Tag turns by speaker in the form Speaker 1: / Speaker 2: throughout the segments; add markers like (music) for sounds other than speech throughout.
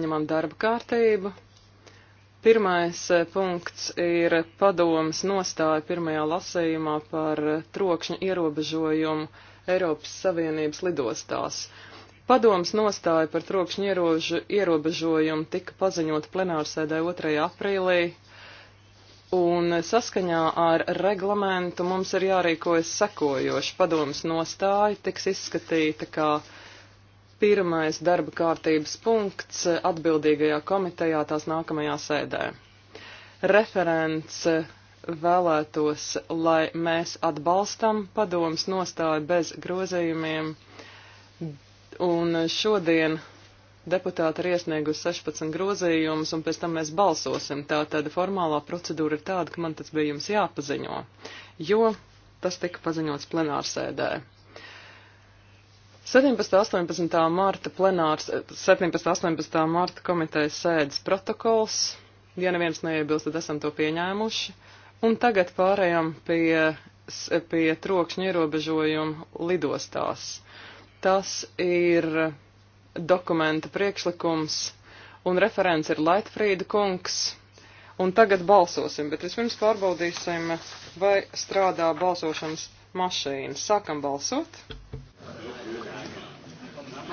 Speaker 1: Ņemam darba kārtību. Pirmais eh, punkts ir padomas nostāja pirmajā lasējumā par eh, trokšņa ierobežojumu Eiropas Savienības lidostās. Padomas nostāja par trokšņa ierožu, ierobežojumu tika paziņota plenārsēdē 2. aprīlī, un saskaņā ar reglamentu mums ir jārīkojas sekojoši. Padomas nostāja tiks izskatīta kā. Ka pirmais darba kārtības punkts atbildīgajā komitejā tās nākamajā sēdē. Referents vēlētos, lai mēs atbalstam padomas nostāju bez grozījumiem, un šodien deputāti ir iesniegusi 16 grozījumus, un pēc tam mēs balsosim. Tā tad formālā procedūra ir tāda, ka man tas bija jums jāpaziņo, jo tas tika paziņots plenārsēdē. 17. 18. marta plenārs, 17. Eh, 18. marta komitejas sēdes protokols. Ja neviens neiebilst, tad esam to pieņēmuši. Un tagad pārējām pie, pie trokšņa ierobežojumu lidostās. Tas ir dokumenta priekšlikums, un referents ir Laitfrīda kungs. Un tagad balsosim, bet vispirms pārbaudīsim, vai strādā balsošanas mašīna. Sākam balsot!
Speaker 2: (laughs)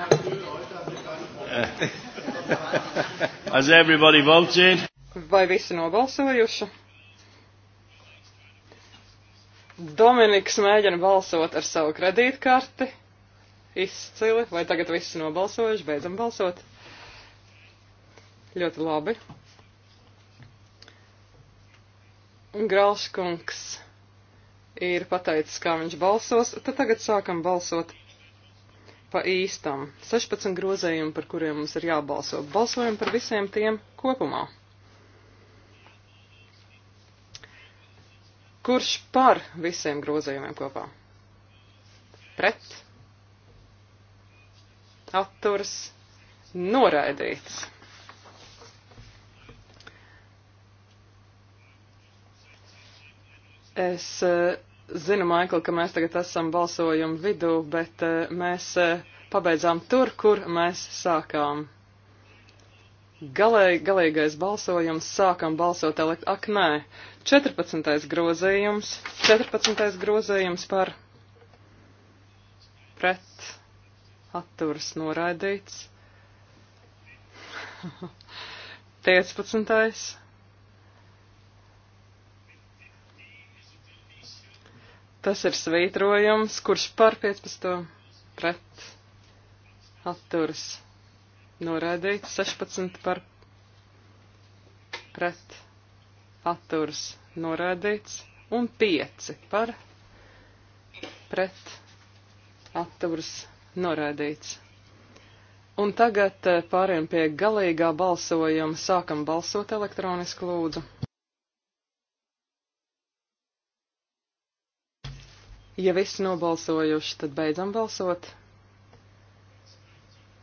Speaker 2: Has everybody voted?
Speaker 1: Vai visi nobalsojuši? Dominiks mēģina balsot ar savu kredītkarti. Izcili. Vai tagad viss nobalsojuši? Beidzam balsot. Ļoti labi. Grauškungs ir pateicis, kā viņš balsos. Tad tagad sākam balsot pa īstam. 16 grozējumi, par kuriem mums ir jābalso. Balsojam par visiem tiem kopumā. Kurš par visiem grozējumiem kopā? Pret? Atturs? Noraidīts. Es uh, Zinu, Maikl, ka mēs tagad esam balsojumu vidū, bet eh, mēs eh, pabeidzām tur, kur mēs sākām. Galēj, galīgais balsojums, sākam balsot elekt... Ak, nē, 14. grozījums, 14. grozījums par pret atturas noraidīts. 15. (laughs) Tas ir svītrojums, kurš par 15. pret atturas norādīts, 16 par pret atturas norādīts un 5 par pret atturas norādīts. Un tagad eh, pāriem pie galīgā balsojuma. Sākam balsot elektronisku lūdzu. Ja viss nobalsojuši, tad beidzam balsot.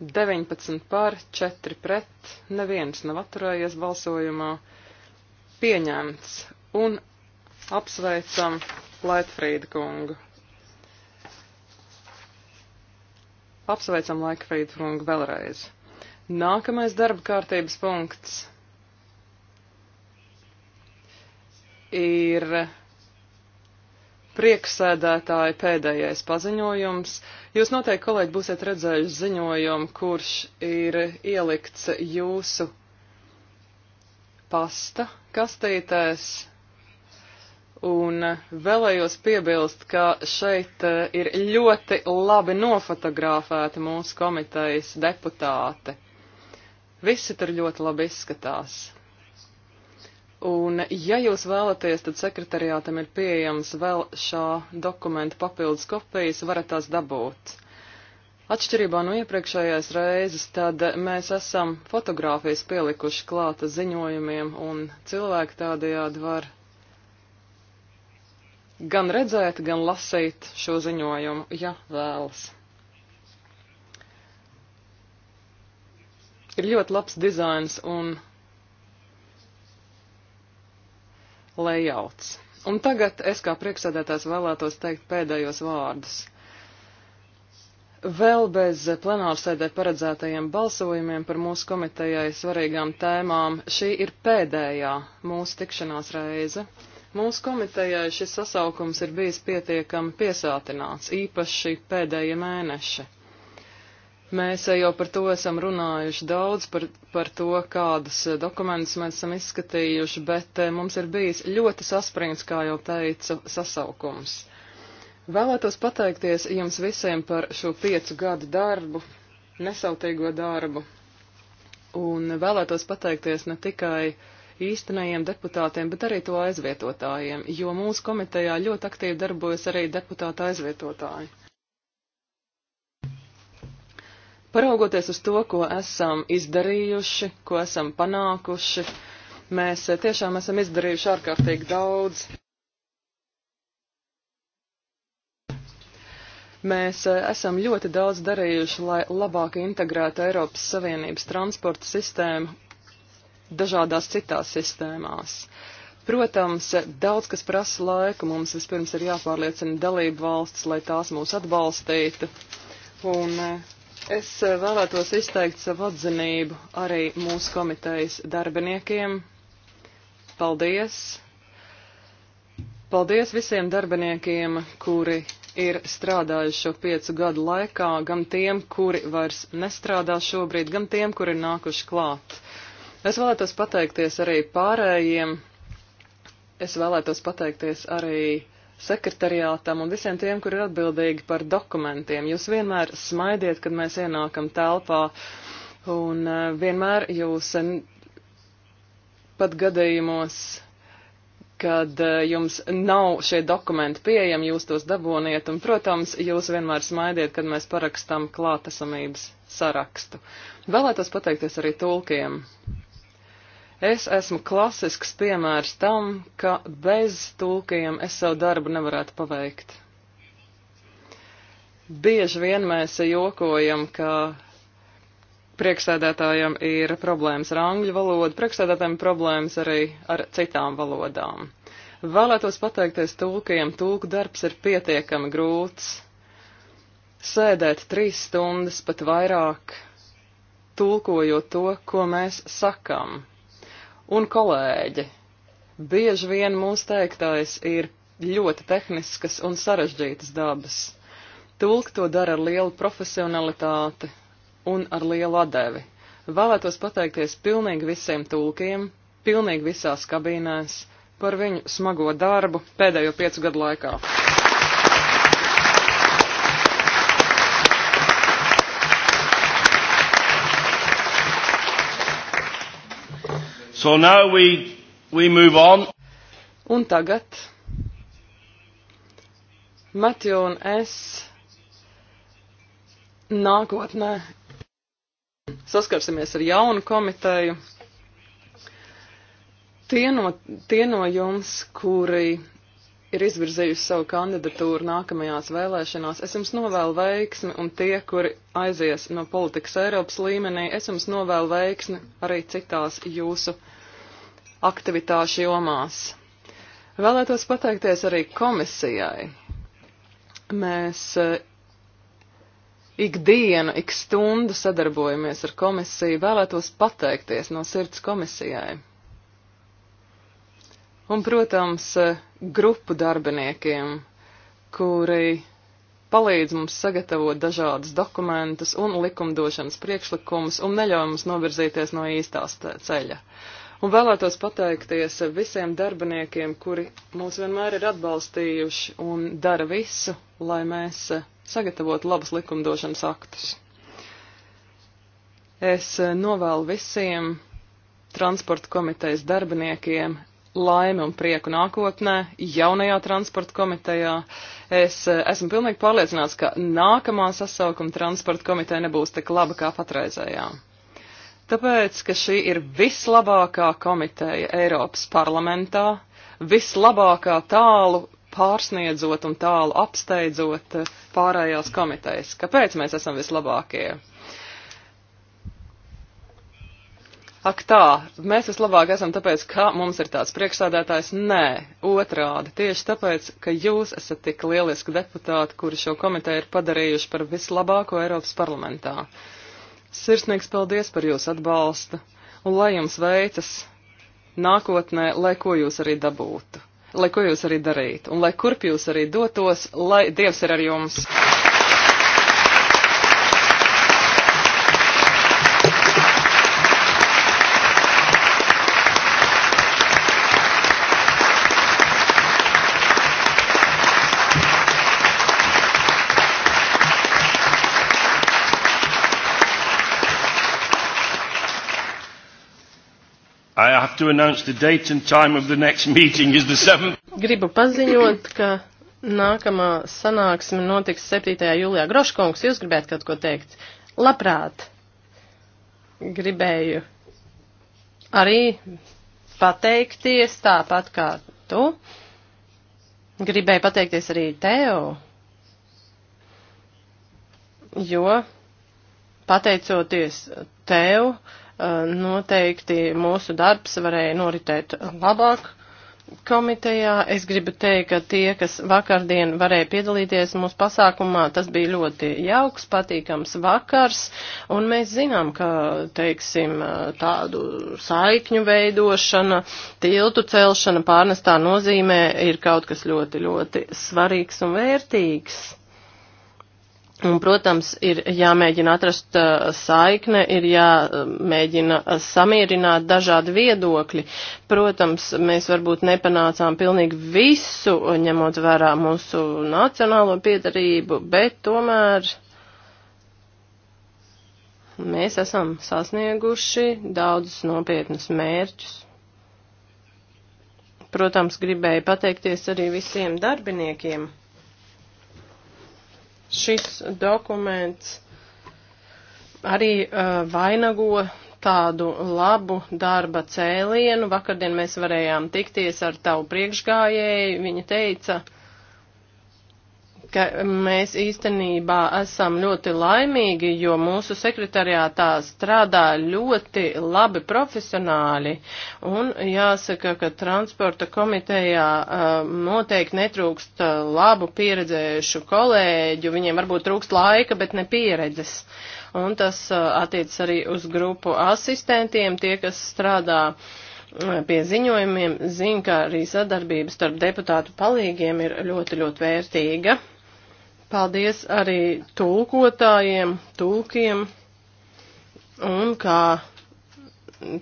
Speaker 1: 19 pār, 4 pret, neviens nav atturējies balsojumā, pieņemts un apsveicam Laitfrīda kungu. Apsveicam Laitfrīda kungu vēlreiz. Nākamais darba kārtības punkts ir Prieksēdētāji pēdējais paziņojums. Jūs noteikti, kolēģi, būsiet redzējuši ziņojumu, kurš ir ielikts jūsu pasta kastītēs. Un vēlējos piebilst, ka šeit eh, ir ļoti labi nofotografēti mūsu komitejas deputāti. Visi tur ļoti labi izskatās. Un, ja jūs vēlaties, tad sekretariātam ir pieejams vēl šā dokumenta papildus kopijas, varat tās dabūt. Atšķirībā no iepriekšējās reizes, tad mēs esam fotogrāfijas pielikuši klāta ziņojumiem, un cilvēki tādējādi var gan redzēt, gan lasīt šo ziņojumu, ja vēlas. Ir ļoti labs dizains un lejauts. Un tagad es kā priekšsēdētājs vēlētos teikt pēdējos vārdus. Vēl bez plenārsēdē paredzētajiem balsojumiem par mūsu komitejai svarīgām tēmām šī ir pēdējā mūsu tikšanās reize. Mūsu komitejai šis sasaukums ir bijis pietiekami piesātināts, īpaši pēdējie mēneši. Mēs jau par to esam runājuši daudz, par, par to, kādus eh, dokumentus mēs esam izskatījuši, bet eh, mums ir bijis ļoti saspringts, kā jau teicu, sasaukums. Vēlētos pateikties jums visiem par šo piecu gadu darbu, nesautīgo darbu, un vēlētos pateikties ne tikai īstenajiem deputātiem, bet arī to aizvietotājiem, jo mūsu komitejā ļoti aktīvi darbojas arī deputāta aizvietotāji. Paraugoties uz to, ko esam izdarījuši, ko esam panākuši, mēs tiešām esam izdarījuši ārkārtīgi daudz. Mēs esam ļoti daudz darījuši, lai labāk integrētu Eiropas Savienības transporta sistēmu dažādās citās sistēmās. Protams, daudz kas prasa laiku, mums vispirms ir jāpārliecina dalību valsts, lai tās mūs atbalstītu. Un Es eh, vēlētos izteikt savu atzinību arī mūsu komitejas darbiniekiem. Paldies! Paldies visiem darbiniekiem, kuri ir strādājuši šo piecu gadu laikā, gan tiem, kuri vairs nestrādā šobrīd, gan tiem, kuri ir nākuši klāt. Es vēlētos pateikties arī pārējiem. Es vēlētos pateikties arī sekretariātam un visiem tiem, kur ir atbildīgi par dokumentiem. Jūs vienmēr smaidiet, kad mēs ienākam telpā, un eh, vienmēr jūs eh, pat gadījumos, kad eh, jums nav šie dokumenti pieejami, jūs tos daboniet, un, protams, jūs vienmēr smaidiet, kad mēs parakstam klātesamības sarakstu. Vēlētos pateikties arī tulkiem. Es esmu klasisks piemērs tam, ka bez tulkiem es savu darbu nevarētu paveikt. Bieži vien mēs jokojam, ka priekšsēdētājiem ir problēmas ar angļu valodu, priekšsēdētājiem problēmas arī ar citām valodām. Vēlētos pateikties tulkiem, tulku darbs ir pietiekami grūts. Sēdēt trīs stundas pat vairāk, tulkojot to, ko mēs sakam. Un kolēģi, bieži vien mūsu teiktais ir ļoti tehniskas un sarežģītas dabas. Tulk to dara ar lielu profesionalitāti un ar lielu atdevi. Vēlētos pateikties pilnīgi visiem tulkiem, pilnīgi visās kabīnēs par viņu smago darbu pēdējo piecu gadu laikā.
Speaker 3: So now we, we move on.
Speaker 1: Un tagad Matiju un es nākotnē saskarsimies ar jaunu komiteju. Tie no, tie no jums, kuri ir izvirzījusi savu kandidatūru nākamajās vēlēšanās. Es jums novēlu veiksmi, un tie, kuri aizies no politikas Eiropas līmenī, es jums novēlu veiksmi arī citās jūsu aktivitāšu jomās. Vēlētos pateikties arī komisijai. Mēs eh, ikdienu, ik stundu sadarbojamies ar komisiju. Vēlētos pateikties no sirds komisijai. Un, protams, grupu darbiniekiem, kuri palīdz mums sagatavot dažādus dokumentus un likumdošanas priekšlikumus un neļauj mums novirzīties no īstās ceļa. Un vēlētos pateikties visiem darbiniekiem, kuri mūs vienmēr ir atbalstījuši un dara visu, lai mēs sagatavotu labus likumdošanas aktus. Es novēlu visiem transporta komitejas darbiniekiem laimi un prieku nākotnē, jaunajā transporta komitejā. Es eh, esmu pilnīgi pārliecināts, ka nākamā sasaukuma transporta komiteja nebūs tik laba kā patreizējā. Tāpēc, ka šī ir vislabākā komiteja Eiropas parlamentā, vislabākā tālu pārsniedzot un tālu apsteidzot eh, pārējās komitejas. Kāpēc mēs esam vislabākie? ak tā, mēs vislabāk esam tāpēc, ka mums ir tāds priekšsādātājs. Nē, otrādi, tieši tāpēc, ka jūs esat tik lieliski deputāti, kuri šo komiteju ir padarījuši par vislabāko Eiropas parlamentā. Sirsnīgs paldies par jūsu atbalstu un lai jums veicas nākotnē, lai ko jūs arī dabūtu, lai ko jūs arī darītu un lai kurp jūs arī dotos, lai Dievs ir ar jums.
Speaker 3: I have to announce the date and time of the next meeting is the 7th. Gribu paziņot, ka nākamā sanāksme notiks 7. jūlijā. Groškungs, jūs gribētu kaut ko teikt? Labprāt. Gribēju arī pateikties tāpat kā tu. Gribēju pateikties arī tev, jo pateicoties tev, uh, Eh, noteikti mūsu darbs varēja noritēt labāk komitejā. Es gribu teikt, ka tie, kas vakardien varēja piedalīties mūsu pasākumā, tas bija ļoti jauks, patīkams vakars, un mēs zinām, ka, teiksim, eh, tādu saikņu veidošana, tiltu celšana pārnestā nozīmē ir kaut kas ļoti, ļoti svarīgs un vērtīgs. Un, protams, ir jāmēģina atrast uh, saikne, ir jāmēģina uh, samierināt dažādi viedokļi. Protams, mēs varbūt nepanācām pilnīgi visu, ņemot vērā mūsu nacionālo piedarību, bet tomēr mēs esam sasnieguši daudzus nopietnus mērķus. Protams, gribēju pateikties arī visiem darbiniekiem šis dokuments arī uh, vainago tādu labu darba cēlienu. Vakardien mēs varējām tikties ar tavu priekšgājēju. Viņa teica, uh, ka mēs īstenībā esam ļoti laimīgi, jo mūsu sekretariātā strādā ļoti labi profesionāļi. Un jāsaka, ka transporta komitejā uh, noteikti netrūkst labu pieredzējušu kolēģu. Viņiem varbūt trūkst laika, bet ne pieredzes. Un tas uh, attiec arī uz grupu asistentiem, tie, kas strādā pie ziņojumiem, zina, ka arī sadarbības starp deputātu palīgiem ir ļoti, ļoti vērtīga. Paldies arī tulkotājiem, tulkiem un kā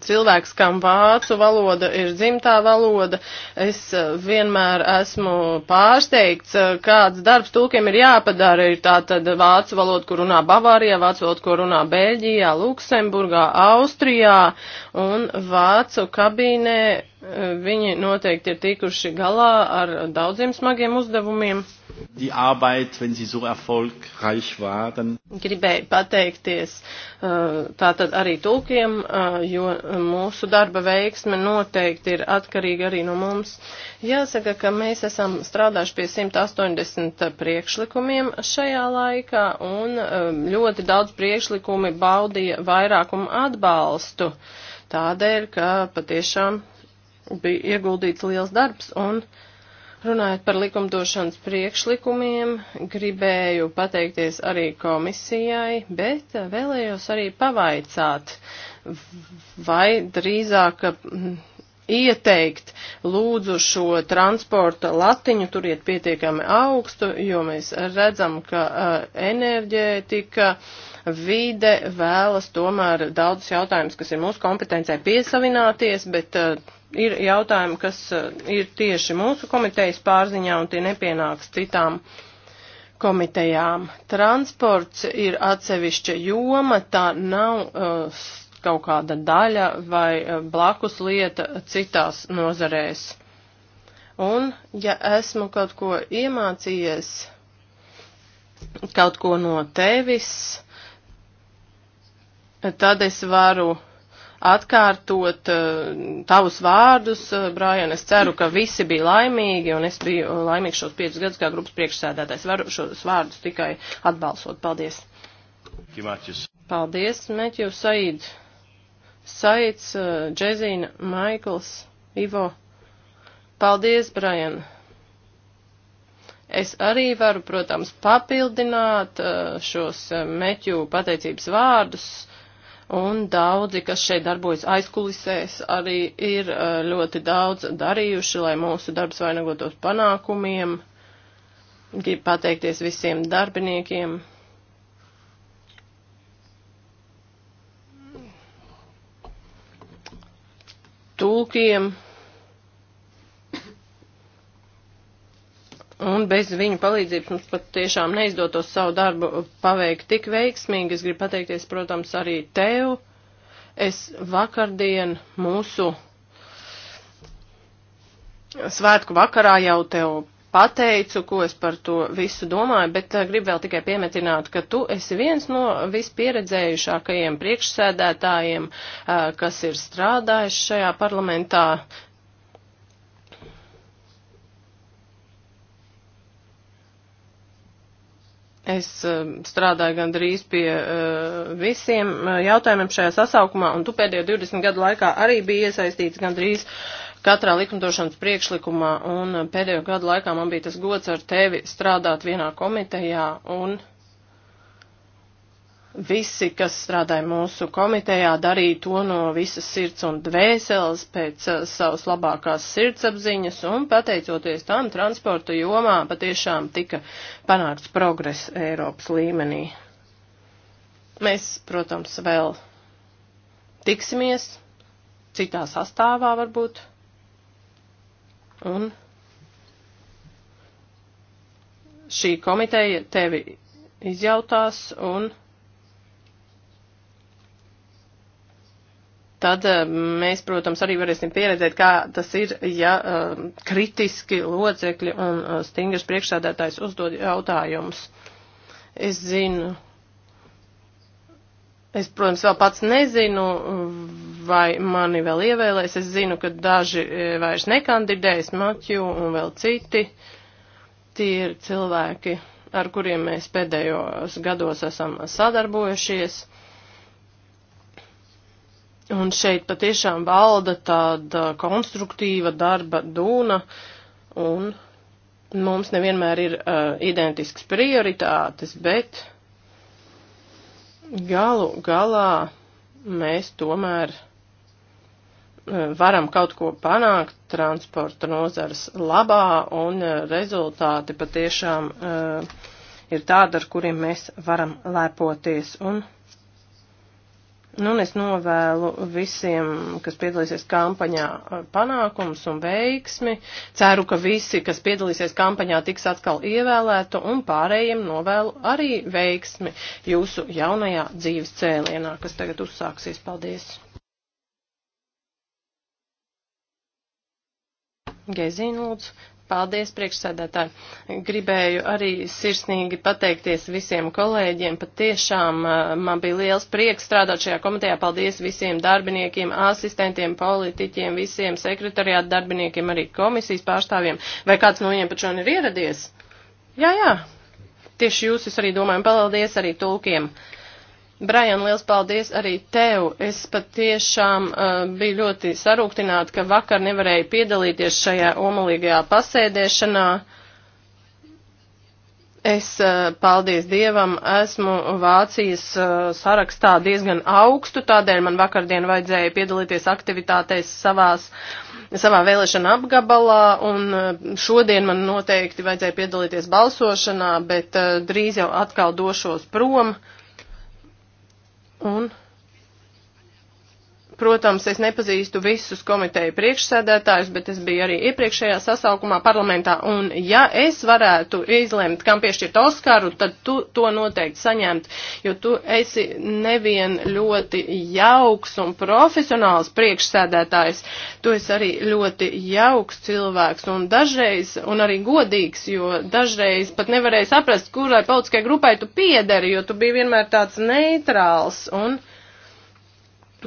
Speaker 3: cilvēks, kam vācu valoda ir dzimtā valoda, es eh, vienmēr esmu pārsteigts, eh, kāds darbs tūkiem ir jāpadara. Ir tā tad vācu valoda, kur runā Bavārijā, vācu valoda, kur runā Beļģijā, Luksemburgā, Austrijā un vācu kabīnē. Eh, viņi noteikti ir tikuši galā ar daudziem smagiem uzdevumiem.
Speaker 2: Die Arbeit, wenn sie so erfolgreich war, dann.
Speaker 3: Gribēju pateikties tātad arī tūkiem, jo mūsu darba veiksme noteikti ir atkarīga arī no mums. Jāsaka, ka mēs esam strādājuši pie 180 priekšlikumiem šajā laikā un ļoti daudz priekšlikumi baudīja vairākumu atbalstu. Tādēļ, ka patiešām bija ieguldīts liels darbs un uh, Runājot par likumdošanas priekšlikumiem, gribēju pateikties arī komisijai, bet vēlējos arī pavaicāt, vai drīzāk mm, ieteikt lūdzu šo transporta latiņu turiet pietiekami augstu, jo mēs redzam, ka eh, enerģētika, vide vēlas tomēr daudzus jautājumus, kas ir mūsu kompetencijai piesavināties, bet eh, ir jautājumi, kas eh, ir tieši mūsu komitejas pārziņā un tie nepienāks citām komitejām. Transports ir atsevišķa joma, tā nav uh, kaut kāda daļa vai eh, blakus lieta citās nozarēs. Un, ja esmu kaut ko iemācījies, kaut ko no tevis, tad es varu uh, atkārtot uh, tavus vārdus, uh, Brian. Es ceru, ka visi bija laimīgi, un es biju laimīgs šos piecus gadus kā grupas priekšsēdētājs. Varu šos vārdus tikai atbalsot. Paldies. Paldies, Meķu Said. Saids, uh, eh, Džezīna, Maikls, Ivo. Paldies, Brian. Es arī varu, protams, papildināt šos meķu pateicības vārdus Un daudzi, kas šeit darbojas aizkulisēs, arī ir uh, ļoti daudz darījuši, lai mūsu darbs vainagotos panākumiem. Gribu pateikties visiem darbiniekiem. Tūkiem, Un bez viņu palīdzības mums pat tiešām neizdotos savu darbu paveikt tik veiksmīgi. Es gribu pateikties, protams, arī tev. Es vakardien mūsu svētku vakarā jau tev pateicu, ko es par to visu domāju, bet eh, gribu vēl tikai piemetināt, ka tu esi viens no vispieredzējušākajiem priekšsēdētājiem, eh, kas ir strādājis šajā parlamentā. Es eh, strādāju gandrīz pie eh, visiem eh, jautājumiem šajā sasaukumā, un tu pēdējo 20 gadu laikā arī biji iesaistīts gandrīz katrā likumdošanas priekšlikumā, un pēdējo gadu laikā man bija tas gods ar tevi strādāt vienā komitejā, un visi, kas strādāja mūsu komitejā, darīja to no visas sirds un dvēseles pēc uh, savas labākās sirdsapziņas, un pateicoties tam transporta jomā patiešām tika panākts progress Eiropas līmenī. Mēs, protams, vēl tiksimies citā sastāvā varbūt, un šī komiteja tevi izjautās un tad eh, mēs, protams, arī varēsim pieredzēt, kā tas ir, ja eh, kritiski locekļi un eh, stingrs priekšsādātājs uzdod jautājumus. Es zinu. Es, protams, vēl pats nezinu, vai mani vēl ievēlēs. Es zinu, ka daži vairs nekandidēs, Matju un vēl citi. Tie ir cilvēki, ar kuriem mēs pēdējos gados esam sadarbojušies. Un šeit patiešām valda tāda konstruktīva darba dūna, un mums nevienmēr ir uh, identisks prioritātes, bet galu galā mēs tomēr uh, varam kaut ko panākt transporta nozares labā, un uh, rezultāti patiešām uh, ir tādi, ar kuriem mēs varam lepoties. Un, uh, Nu, un es novēlu visiem, kas piedalīsies kampaņā, eh, panākums un veiksmi. Ceru, ka visi, kas piedalīsies kampaņā, tiks atkal ievēlēti un pārējiem novēlu arī veiksmi jūsu jaunajā dzīves cēlienā, kas tagad uzsāksies. Paldies! Gezīna lūdzu. Paldies, priekšsēdētāji. Gribēju arī sirsnīgi pateikties visiem kolēģiem. Pat tiešām eh, man bija liels prieks strādāt šajā komitejā. Paldies visiem darbiniekiem, asistentiem, politiķiem, visiem sekretariātu darbiniekiem, arī komisijas pārstāvjiem. Vai kāds no viņiem pat šodien ir ieradies? Jā, jā. Tieši jūs es arī domāju. Paldies arī tulkiem. Uh, Brian, liels paldies arī tev. Es patiešām uh, biju ļoti sarūktināta, ka vakar nevarēju piedalīties šajā omalīgajā pasēdēšanā. Es, uh, paldies Dievam, esmu Vācijas uh, sarakstā diezgan augstu, tādēļ man vakardien vajadzēja piedalīties aktivitātēs savās, savā vēlēšana apgabalā, un uh, šodien man noteikti vajadzēja piedalīties balsošanā, bet uh, drīz jau atkal došos prom. Uh, un Protams, es nepazīstu visus komiteju priekšsēdētājus, bet es biju arī iepriekšējā sasaukumā parlamentā, un ja es varētu izlemt, kam piešķirt Oskaru, tad tu to noteikti saņemt, jo tu esi nevien ļoti jauks un profesionāls priekšsēdētājs, tu esi arī ļoti jauks cilvēks un dažreiz, un arī godīgs, jo dažreiz pat nevarēja saprast, kurai politiskai grupai tu piederi, jo tu biji vienmēr tāds neitrāls un.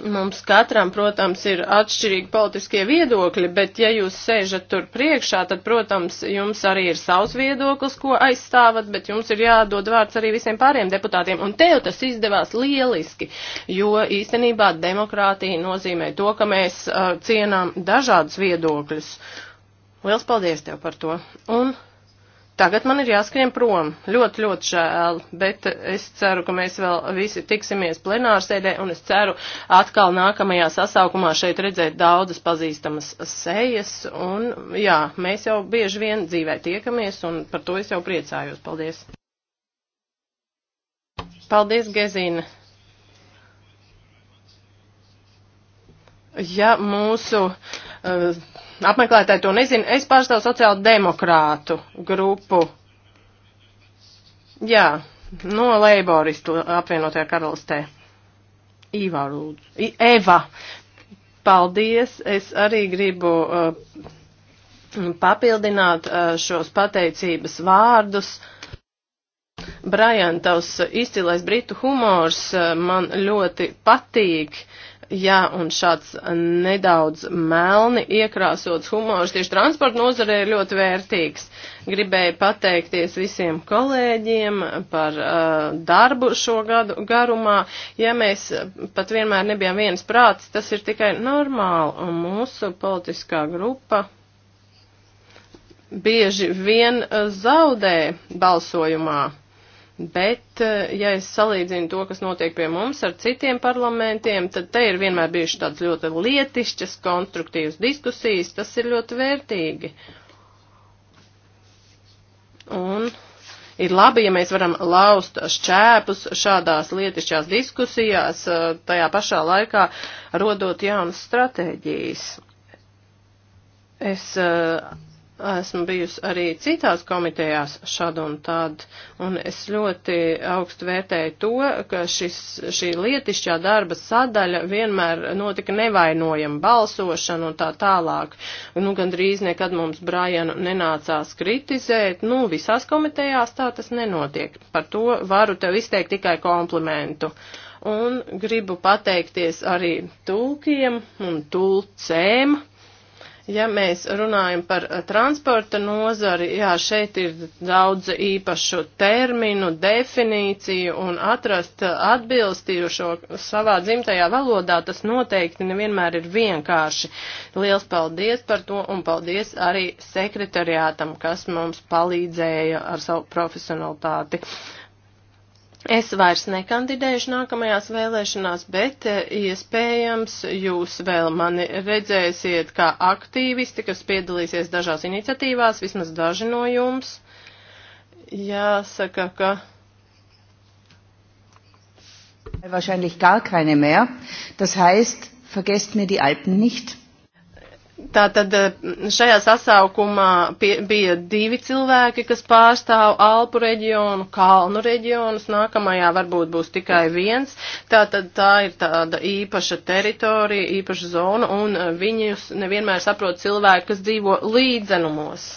Speaker 3: Mums katram, protams, ir atšķirīgi politiskie viedokļi, bet ja jūs sēžat tur priekšā, tad, protams, jums arī ir savs viedoklis, ko aizstāvat, bet jums ir jādod vārds arī visiem pāriem deputātiem. Un tev tas izdevās lieliski, jo īstenībā demokrātija nozīmē to, ka mēs uh, cienām dažādus viedokļus. Liels paldies tev par to. Un Tagad man ir jāskrien prom. Ļoti, ļoti žēl, bet es ceru, ka mēs vēl visi tiksimies plenārsēdē un es ceru atkal nākamajā sasaukumā šeit redzēt daudzas pazīstamas sejas un jā, mēs jau bieži vien dzīvē tiekamies un par to es jau priecājos. Paldies! Paldies, Gezīna! Ja mūsu uh, apmeklētāji to nezina, es pārstāvu sociālu demokrātu grupu. Jā, no leiboristu apvienotajā karalistē. Īvā lūdzu. I, Eva, paldies. Es arī gribu uh, papildināt uh, šos pateicības vārdus. Brian, tavs izcilais britu humors uh, man ļoti patīk. Uh, Jā, un šāds nedaudz melni iekrāsots humors tieši transporta nozarē ir ļoti vērtīgs. Gribēju pateikties visiem kolēģiem par uh, darbu šo gadu garumā. Ja mēs pat vienmēr nebijām viens prāts, tas ir tikai normāli, un mūsu politiskā grupa bieži vien uh, zaudē balsojumā. Bet, eh, ja es salīdzinu to, kas notiek pie mums ar citiem parlamentiem, tad te ir vienmēr bijušas tādas ļoti lietišķas, konstruktīvas diskusijas, tas ir ļoti vērtīgi. Un ir labi, ja mēs varam laust šķēpus šādās lietišķās diskusijās, eh, tajā pašā laikā rodot jaunas stratēģijas. Es uh, Esmu bijusi arī citās komitejās šad un tad, un es ļoti augstu vērtēju to, ka šis, šī lietišķā darba sadaļa vienmēr notika nevainojama balsošana un tā tālāk. Nu, gandrīz nekad mums Brajanu nenācās kritizēt, nu, visās komitejās tā tas nenotiek. Par to varu tev izteikt tikai komplimentu. Un gribu pateikties arī tulkiem un tulcēm Ja mēs runājam par eh, transporta nozari, jā, šeit ir daudz īpašu terminu, definīciju un atrast atbilstījušo savā dzimtajā valodā, tas noteikti nevienmēr ir vienkārši. Liels paldies par to un paldies arī sekretariātam, kas mums palīdzēja ar savu profesionalitāti. Uh, Es vairs nekandidēšu nākamajās vēlēšanās, bet eh, iespējams jūs vēl mani redzēsiet kā aktīvisti, kas piedalīsies dažās iniciatīvās, vismaz daži no jums. Jāsaka, ka.
Speaker 2: Wahrscheinlich gar keine mehr. Das heißt, vergesst mir die Alpen
Speaker 3: nicht. Tātad eh, šajā sasaukumā pie, bija divi cilvēki, kas pārstāv Alpu reģionu, Kalnu reģionus, nākamajā varbūt būs tikai viens. Tātad tā ir tāda īpaša teritorija, īpaša zona, un eh, viņus nevienmēr saprot cilvēki, kas dzīvo līdzenumos.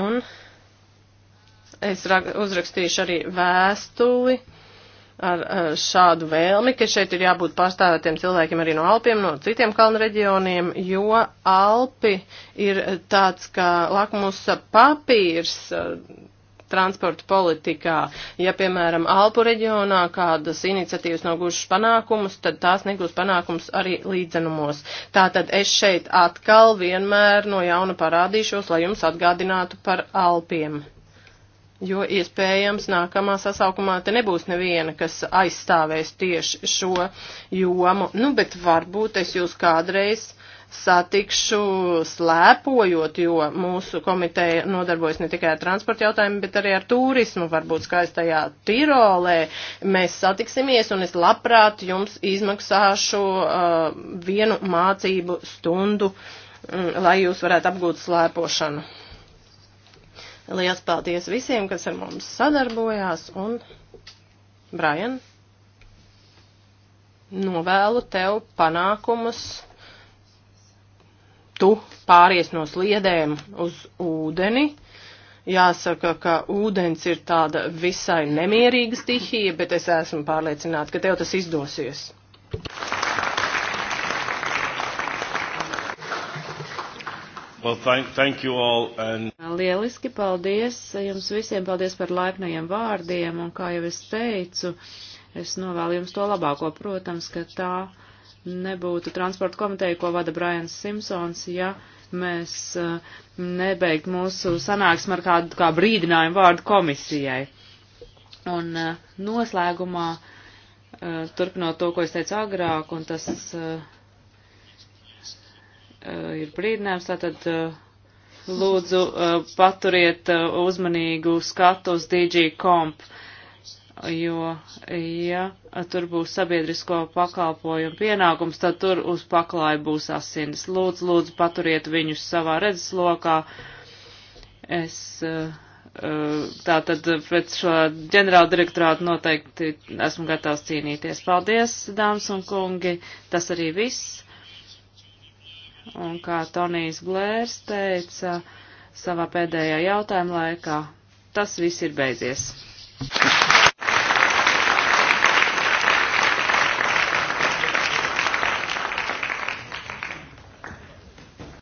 Speaker 3: Un es uzrakstīšu arī vēstuli ar šādu vēlmi, ka šeit ir jābūt pārstāvētiem cilvēkiem arī no Alpiem, no citiem kalnu reģioniem, jo Alpi ir tāds kā lakmusa papīrs uh, transporta politikā. Ja, piemēram, Alpu reģionā kādas iniciatīvas nav gušas panākumus, tad tās negūs panākumus arī līdzenumos. Tātad es šeit atkal vienmēr no jauna parādīšos, lai jums atgādinātu par Alpiem jo iespējams nākamā sasaukumā te nebūs neviena, kas aizstāvēs tieši šo jomu. Nu, bet varbūt es jūs kādreiz satikšu slēpojot, jo mūsu komiteja nodarbojas ne tikai ar transporta jautājumu, bet arī ar turismu, varbūt skaistajā Tirolē. Mēs satiksimies un es labprāt jums izmaksāšu uh, vienu mācību stundu, um, lai jūs varētu apgūt slēpošanu. Liels paldies visiem, kas ar mums sadarbojās un, Brian, novēlu tev panākumus. Tu pāries no sliedēm uz ūdeni. Jāsaka, ka ūdens ir tāda visai nemierīga stihija, bet es esmu pārliecināta, ka tev tas izdosies. Well, thank, thank you all and...
Speaker 2: Lieliski, paldies jums visiem, paldies par laipnajiem vārdiem, un kā jau es teicu, es novēlu jums to labāko, protams, ka tā nebūtu transporta komiteja, ko vada Brians Simpsons, ja mēs uh, nebeigt mūsu sanāksmu ar kādu kā brīdinājumu vārdu komisijai. Un uh, noslēgumā, uh, turpinot to, ko es teicu agrāk, un tas ir brīdinājums, tātad lūdzu uh, paturiet uh, uzmanīgu skatu uz DG komp, jo, ja tur būs sabiedrisko pakalpojumu pienākums, tad tur uz paklāja būs asins. Lūdzu, lūdzu, paturiet viņus savā redzeslokā. Es uh, uh tātad pret šo ģenerāla direktorātu noteikti esmu gatavs cīnīties. Paldies, dāmas un kungi, tas arī viss un kā Tonijs Blērs teica savā pēdējā jautājuma laikā, tas viss ir beidzies. Thank you.